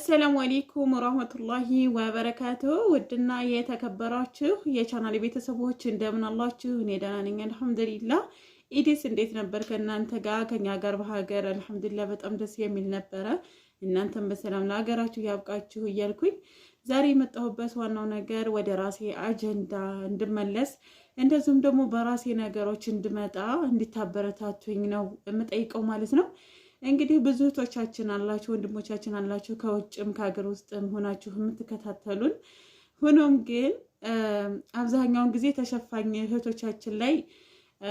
አሰላሙ አሌይኩም ወራህመቱላሂ ወበረካቱ። ውድና የተከበራችሁ የቻናል ቤተሰቦች እንደምን አላችሁ? እኔ ደህና ነኝ አልሐምዱሊላህ። ኢዲስ እንዴት ነበር ከእናንተ ጋር? ከኛ ጋር በሀገር አልሐምዱሊላህ በጣም ደስ የሚል ነበረ። እናንተም በሰላም ለሀገራችሁ ያብቃችሁ እያልኩኝ ዛሬ የመጣሁበት ዋናው ነገር ወደ ራሴ አጀንዳ እንድመለስ እንደዚሁም ደግሞ በራሴ ነገሮች እንድመጣ እንድታበረታቱኝ ነው የምጠይቀው ማለት ነው። እንግዲህ ብዙ እህቶቻችን አላችሁ፣ ወንድሞቻችን አላችሁ ከውጭም ከሀገር ውስጥም ሆናችሁ የምትከታተሉን። ሆኖም ግን አብዛኛውን ጊዜ ተሸፋኝ እህቶቻችን ላይ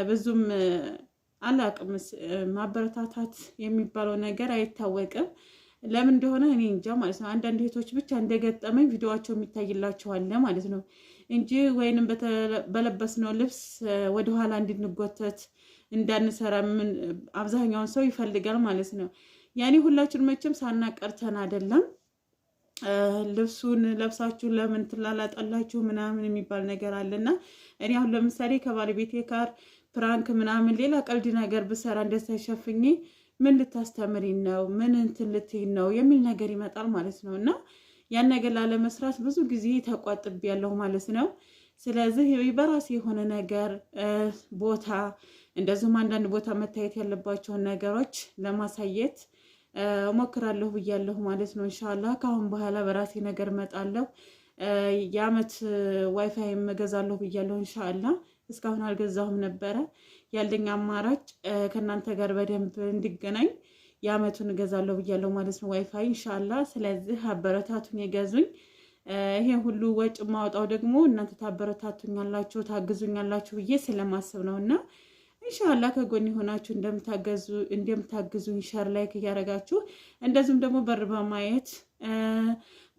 ብዙም አላቅም ማበረታታት የሚባለው ነገር አይታወቅም። ለምን እንደሆነ እኔ እንጃ ማለት ነው። አንዳንድ እህቶች ብቻ እንደገጠመኝ ቪዲዮዋቸው የሚታይላቸዋል ማለት ነው እንጂ ወይንም በለበስነው ልብስ ወደኋላ እንድንጎተት እንዳንሰራ ምን አብዛኛውን ሰው ይፈልጋል ማለት ነው። ያኔ ሁላችን መቼም ሳናቀርተን አይደለም ልብሱን ለብሳችሁ ለምን ትላላጣላችሁ ምናምን የሚባል ነገር አለና እኔ አሁን ለምሳሌ ከባለቤቴ ጋር ፕራንክ ምናምን ሌላ ቀልድ ነገር ብሰራ እንደተሸፍኝ ምን ልታስተምሪ ነው ምን እንትን ልትይ ነው የሚል ነገር ይመጣል ማለት ነው። እና ያን ነገር ላለመስራት ብዙ ጊዜ ተቋጥቤያለሁ ማለት ነው። ስለዚህ በራሴ የሆነ ነገር ቦታ እንደዚሁም አንዳንድ ቦታ መታየት ያለባቸውን ነገሮች ለማሳየት እሞክራለሁ ብያለሁ ማለት ነው። እንሻላ ከአሁን በኋላ በራሴ ነገር እመጣለሁ። የአመት ዋይፋይ እገዛለሁ ብያለሁ። እንሻላ እስካሁን አልገዛሁም ነበረ። ያለኝ አማራጭ ከእናንተ ጋር በደንብ እንዲገናኝ የአመቱን እገዛለሁ ብያለሁ ማለት ነው ዋይፋይ እንሻላ። ስለዚህ አበረታቱን፣ የገዙኝ ይሄ ሁሉ ወጭ ማውጣው ደግሞ እናንተ ታበረታቱኛላችሁ፣ ታግዙኛላችሁ ብዬ ስለማስብ ነው እና ኢንሻላ ከጎን የሆናችሁ እንደምታገዙ እንደምታግዙ ሸር ላይክ እያደረጋችሁ እንደዚሁም ደግሞ በር በማየት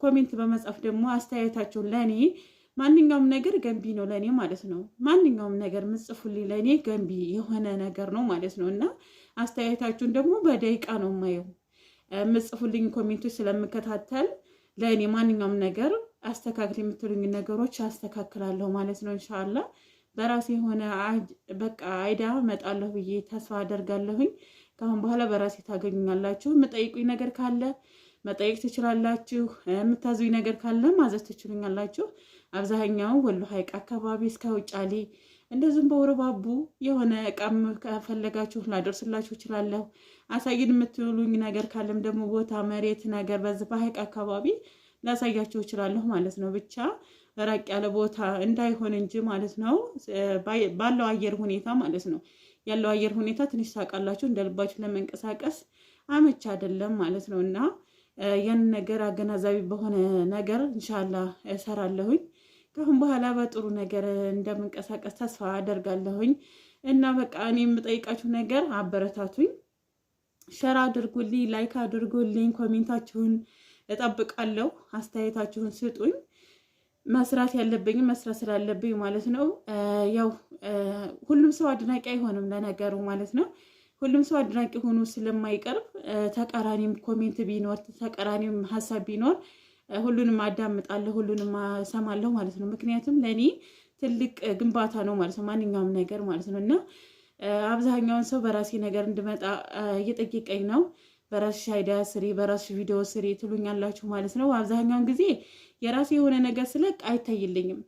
ኮሜንት በመጻፍ ደግሞ አስተያየታችሁን ለእኔ ማንኛውም ነገር ገንቢ ነው ለእኔ ማለት ነው። ማንኛውም ነገር ምጽፉልኝ ለእኔ ገንቢ የሆነ ነገር ነው ማለት ነው እና አስተያየታችሁን ደግሞ በደቂቃ ነው የማየው ምጽፉልኝ ኮሜንቶች ስለምከታተል ለእኔ ማንኛውም ነገር አስተካክል የምትሉኝ ነገሮች አስተካክላለሁ ማለት ነው እንሻላ በራሴ የሆነ በቃ አይዳ መጣለሁ ብዬ ተስፋ አደርጋለሁኝ። ከአሁን በኋላ በራሴ ታገኙኛላችሁ። የምጠይቁኝ ነገር ካለ መጠየቅ ትችላላችሁ። የምታዙኝ ነገር ካለ ማዘዝ ትችሉኛላችሁ። አብዛኛው ወሎ ሐይቅ አካባቢ እስከ ውጫሌ እንደዚሁም በወረባቡ የሆነ እቃም ከፈለጋችሁ ላደርስላችሁ እችላለሁ። አሳይን የምትሉኝ ነገር ካለም ደግሞ ቦታ፣ መሬት ነገር በዚህ በሐይቅ አካባቢ ላሳያቸው እችላለሁ ማለት ነው። ብቻ ራቅ ያለ ቦታ እንዳይሆን እንጂ ማለት ነው ባለው አየር ሁኔታ ማለት ነው። ያለው አየር ሁኔታ ትንሽ ሳቃላችሁ እንደልባችሁ ለመንቀሳቀስ አመች አይደለም ማለት ነው እና ያን ነገር አገናዛቢ በሆነ ነገር እንሻላ እሰራለሁኝ። ከአሁን በኋላ በጥሩ ነገር እንደምንቀሳቀስ ተስፋ አደርጋለሁኝ እና በቃ እኔ የምጠይቃችሁ ነገር አበረታቱኝ፣ ሸር አድርጉልኝ፣ ላይክ አድርጉልኝ፣ ኮሜንታችሁን እጠብቃለሁ። አስተያየታችሁን ስጡኝ። መስራት ያለብኝም መስራት ስላለብኝ ማለት ነው። ያው ሁሉም ሰው አድናቂ አይሆንም ለነገሩ ማለት ነው። ሁሉም ሰው አድናቂ ሆኖ ስለማይቀርብ ተቃራኒም ኮሜንት ቢኖር ተቃራኒም ሀሳብ ቢኖር ሁሉንም አዳምጣለሁ፣ ሁሉንም ሰማለሁ ማለት ነው። ምክንያቱም ለእኔ ትልቅ ግንባታ ነው ማለት ነው ማንኛውም ነገር ማለት ነው እና አብዛኛውን ሰው በራሴ ነገር እንድመጣ እየጠየቀኝ ነው። በራስሽ አይዲያ ስሪ፣ በራስሽ ቪዲዮ ስሪ ትሉኛላችሁ ማለት ነው። አብዛኛውን ጊዜ የራሴ የሆነ ነገር ስለቅ አይታይልኝም።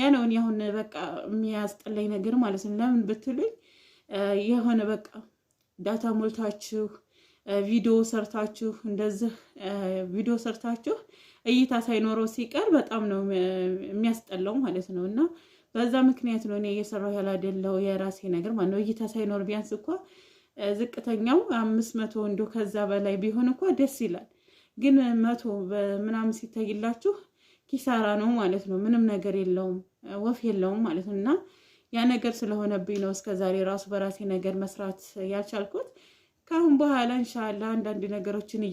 ያ ነው እኔ አሁን በቃ የሚያስጠላኝ ነገር ማለት ነው። ለምን ብትሉኝ የሆነ በቃ ዳታ ሞልታችሁ ቪዲዮ ሰርታችሁ እንደዚህ ቪዲዮ ሰርታችሁ እይታ ሳይኖረው ሲቀር በጣም ነው የሚያስጠላው ማለት ነው። እና በዛ ምክንያት ነው እኔ እየሰራሁ ያላደለው የራሴ ነገር ማለት ነው። እይታ ሳይኖር ቢያንስ እኳ ዝቅተኛው አምስት መቶ እንዶ ከዛ በላይ ቢሆን እኳ ደስ ይላል። ግን መቶ ምናምን ሲታይላችሁ ኪሳራ ነው ማለት ነው። ምንም ነገር የለውም ወፍ የለውም ማለት ነው። እና ያ ነገር ስለሆነብኝ ነው እስከዛሬ ራሱ በራሴ ነገር መስራት ያልቻልኩት። ከአሁን በኋላ እንሻላ አንዳንድ ነገሮችን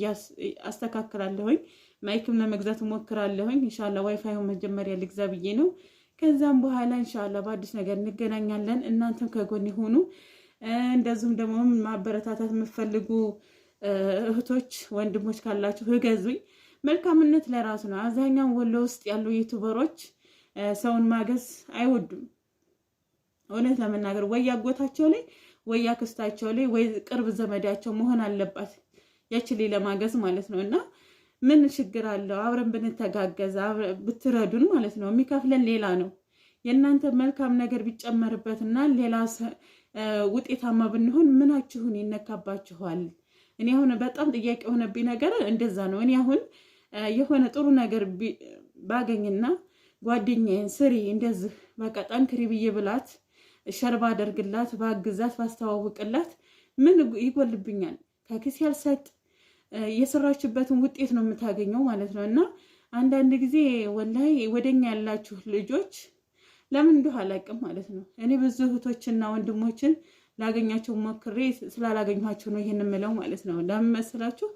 አስተካክላለሁኝ። ማይክም ለመግዛት ሞክራለሁኝ። እንሻላ ዋይፋይ መጀመሪያ ልግዛ ብዬ ነው። ከዛም በኋላ እንሻላ በአዲስ ነገር እንገናኛለን። እናንተም ከጎን ሆኑ። እንደዚሁም ደግሞ ማበረታታት የምትፈልጉ እህቶች ወንድሞች ካላችሁ ህገዙኝ። መልካምነት ለራሱ ነው። አብዛኛው ወሎ ውስጥ ያሉ ዩቱበሮች ሰውን ማገዝ አይወዱም። እውነት ለመናገር ወይ አጎታቸው ላይ ወይ አክስታቸው ላይ ወይ ቅርብ ዘመዳቸው መሆን አለባት ያችሌ ለማገዝ ማለት ነው። እና ምን ችግር አለው? አብረን ብንተጋገዝ ብትረዱን ማለት ነው። የሚከፍለን ሌላ ነው። የእናንተ መልካም ነገር ቢጨመርበትና ሌላ ውጤታማ ብንሆን ምናችሁን ይነካባችኋል? እኔ አሁን በጣም ጥያቄ የሆነብኝ ነገር እንደዛ ነው። እኔ አሁን የሆነ ጥሩ ነገር ባገኝና ጓደኛዬን ስሪ እንደዚህ በቃ ጠንክሪ ብዬ ብላት ሸር ባደርግላት ባግዛት ባስተዋውቅላት ምን ይጎልብኛል? ከክስ ያልሰጥ የሰራችበትን ውጤት ነው የምታገኘው ማለት ነው። እና አንዳንድ ጊዜ ወላይ ወደኛ ያላችሁ ልጆች ለምን እንዲሁ አላውቅም ማለት ነው። እኔ ብዙ እህቶችና ወንድሞችን ላገኛቸው ሞክሬ ስላላገኘኋቸው ነው ይህን ምለው ማለት ነው። ለምን መሰላችሁ?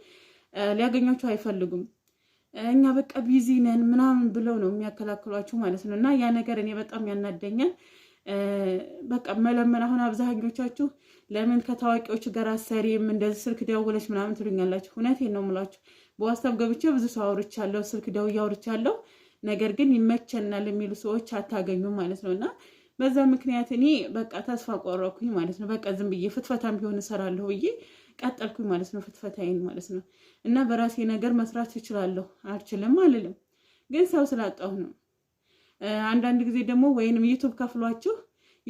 አይፈልጉም። እኛ በቃ ቢዚ ነን ምናምን ብለው ነው የሚያከላክሏቸው ማለት ነው። እና ያ ነገር እኔ በጣም ያናደኛል። በቃ መለመን አሁን አብዛኞቻችሁ ለምን ከታዋቂዎች ጋር አሰሪም እንደዚህ ስልክ ደውለች ምናምን ትሉኛላችሁ። እውነቴን ነው የምላችሁ። በዋስታብ ገብቼ ብዙ ሰው አውርቻለሁ፣ ስልክ ደውዬ አውርቻለሁ። ነገር ግን ይመቸናል የሚሉ ሰዎች አታገኙም ማለት ነው እና በዛ ምክንያት እኔ በቃ ተስፋ ቆረኩኝ ማለት ነው። በቃ ዝም ብዬ ፍትፈታም ቢሆን እሰራለሁ ብዬ ቀጠልኩኝ ማለት ነው፣ ፍትፈታይን ማለት ነው። እና በራሴ ነገር መስራት እችላለሁ አልችልም አልልም፣ ግን ሰው ስላጣሁ ነው። አንዳንድ ጊዜ ደግሞ ወይንም ዩቱብ ከፍሏችሁ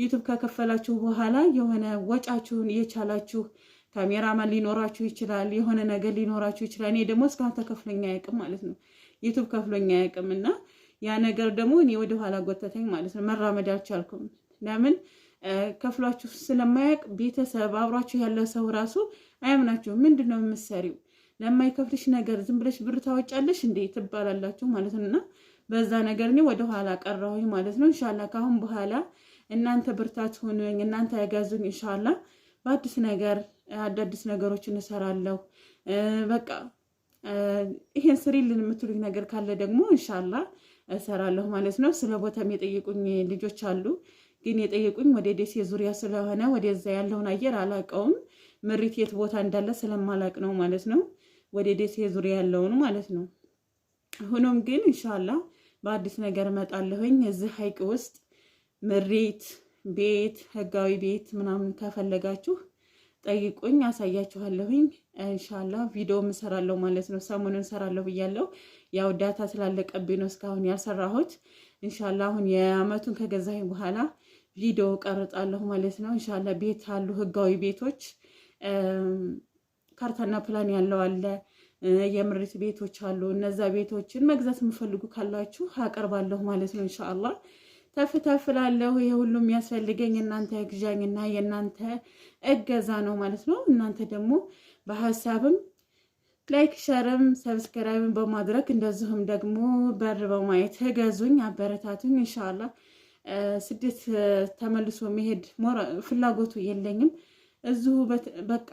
ዩቱብ ከከፈላችሁ በኋላ የሆነ ወጫችሁን እየቻላችሁ ካሜራማን ሊኖራችሁ ይችላል፣ የሆነ ነገር ሊኖራችሁ ይችላል። እኔ ደግሞ እስካሁን ተከፍለኛ አያውቅም ማለት ነው። ዩቱብ አያውቅም እና ያ ነገር ደግሞ እኔ ወደኋላ ጎተተኝ ማለት ነው። መራመድ አልቻልኩም። ለምን ከፍሏችሁ ስለማያውቅ ቤተሰብ አብሯችሁ ያለ ሰው ራሱ አያምናችሁ። ምንድን ነው የምትሰሪው? ለማይከፍልሽ ነገር ዝም ብለሽ ብር ታወጫለሽ እንዴ ትባላላችሁ ማለት ነው። እና በዛ ነገር እኔ ወደኋላ ቀረሁኝ ማለት ነው። እንሻላ ከአሁን በኋላ እናንተ ብርታት ሆኑኝ፣ እናንተ ያጋዙኝ። እንሻላ በአዲስ ነገር አዳዲስ ነገሮች እንሰራለሁ በቃ ይሄን ስሪልን የምትሉኝ ነገር ካለ ደግሞ እንሻላ እሰራለሁ ማለት ነው። ስለ ቦታም የጠየቁኝ ልጆች አሉ። ግን የጠየቁኝ ወደ ደሴ ዙሪያ ስለሆነ ወደዛ ያለውን አየር አላቀውም። ምሪት የት ቦታ እንዳለ ስለማላቅ ነው ማለት ነው። ወደ ደሴ ዙሪያ ያለውን ማለት ነው። ሆኖም ግን እንሻላ በአዲስ ነገር እመጣለሁኝ። እዚህ ሀይቅ ውስጥ ምሪት ቤት ህጋዊ ቤት ምናምን ከፈለጋችሁ ጠይቁኝ አሳያችኋለሁኝ። እንሻላ ቪዲዮም እሰራለሁ ማለት ነው። ሰሞኑን እሰራለሁ ብያለሁ። ያው ዳታ ስላለቀብኝ ነው እስካሁን ያልሰራሁት። እንሻላ አሁን የአመቱን ከገዛኝ በኋላ ቪዲዮ ቀርጣለሁ ማለት ነው። እንሻላ ቤት አሉ ህጋዊ ቤቶች ካርታና ፕላን ያለው አለ። የምሪት ቤቶች አሉ። እነዛ ቤቶችን መግዛት የምፈልጉ ካላችሁ አቀርባለሁ ማለት ነው እንሻላ ተፍተፍላለሁ። ይሄ ሁሉ የሚያስፈልገኝ እናንተ ግዣኝና የእናንተ እገዛ ነው ማለት ነው። እናንተ ደግሞ በሀሳብም ላይክ ሸርም ሰብስክራይብን በማድረግ እንደዚሁም ደግሞ በር በማየት እገዙኝ፣ አበረታቱኝ። እንሻላ ስደት ተመልሶ መሄድ ፍላጎቱ የለኝም። እዚሁ በቃ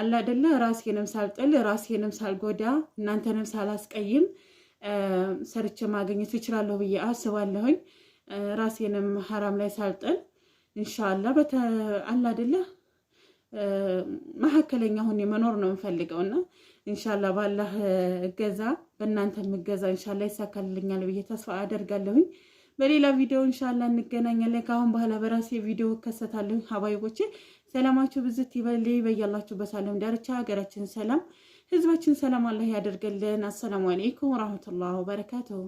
አላደለ አይደለ ራሴንም ሳልጥል ራሴንም ሳልጎዳ እናንተንም ሳላስቀይም ሰርቼ ማግኘት እችላለሁ ብዬ አስባለሁኝ። ራሴንም ሀራም ላይ ሳልጥል እንሻላ አላ አደለ መካከለኛ ሁኔ መኖር ነው የምፈልገው እና እንሻላ ባላህ እገዛ በእናንተ እገዛ እንሻላ ይሳካልልኛል ብዬ ተስፋ አደርጋለሁኝ። በሌላ ቪዲዮ እንሻላ እንገናኛለን። ከአሁን በኋላ በራሴ ቪዲዮ እከሰታለሁ። ሀባይቦቼ ሰላማችሁ ብዝት ይበል። በያላችሁበት በሳለም ዳርቻ ሀገራችን ሰላም፣ ህዝባችን ሰላም አላህ ያደርገልን። አሰላሙ አሌይኩም ወራህመቱላህ ወበረካቱሁ